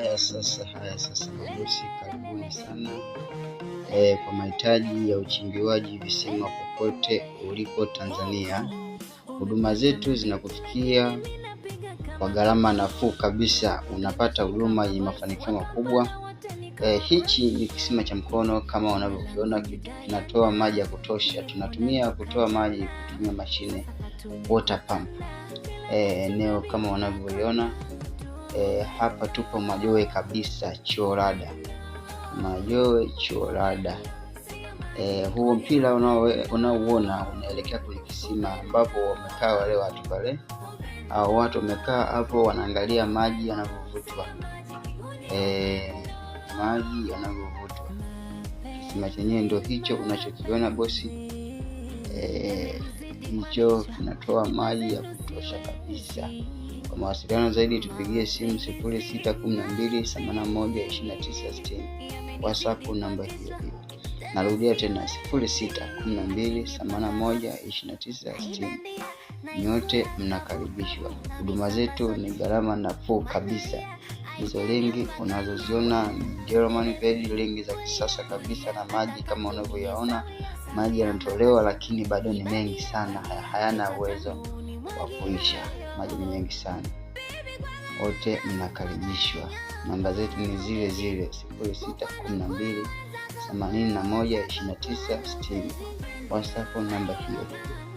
Haya sasa, haya sasa, mabosi, karibuni sana e, kwa mahitaji ya uchimbiwaji visima popote ulipo Tanzania, huduma zetu zinakufikia kwa gharama nafuu kabisa, unapata huduma yenye mafanikio makubwa. E, hichi ni kisima cha mkono kama unavyokiona, kinatoa maji ya kutosha. Tunatumia kutoa maji kutumia mashine water pump. E, eneo kama unavyoiona E, hapa tupo Majoe kabisa chorada Majoe chorada E, huo mpira unaouona unaelekea kwenye kisima ambapo wamekaa wale watu pale, au watu wamekaa hapo wanaangalia maji yanavyovutwa, e, maji yanavyovutwa. Kisima chenyewe ndio hicho unachokiona bosi, e, hicho e, kinatoa maji ya kutosha kabisa mawasiliano zaidi tupigie simu 612812960 whatsapp namba hiyo hiyo narudia tena 612812960 nyote mnakaribishwa huduma zetu ni gharama nafuu kabisa hizo lingi unazoziona German lingi za kisasa kabisa na maji kama unavyoyaona maji yanatolewa lakini bado ni mengi sana hayana uwezo wa kuisha majani mengi sana. Wote mnakaribishwa. Namba zetu ni zile zile 0612 8129 60. WhatsApp namba hiyo.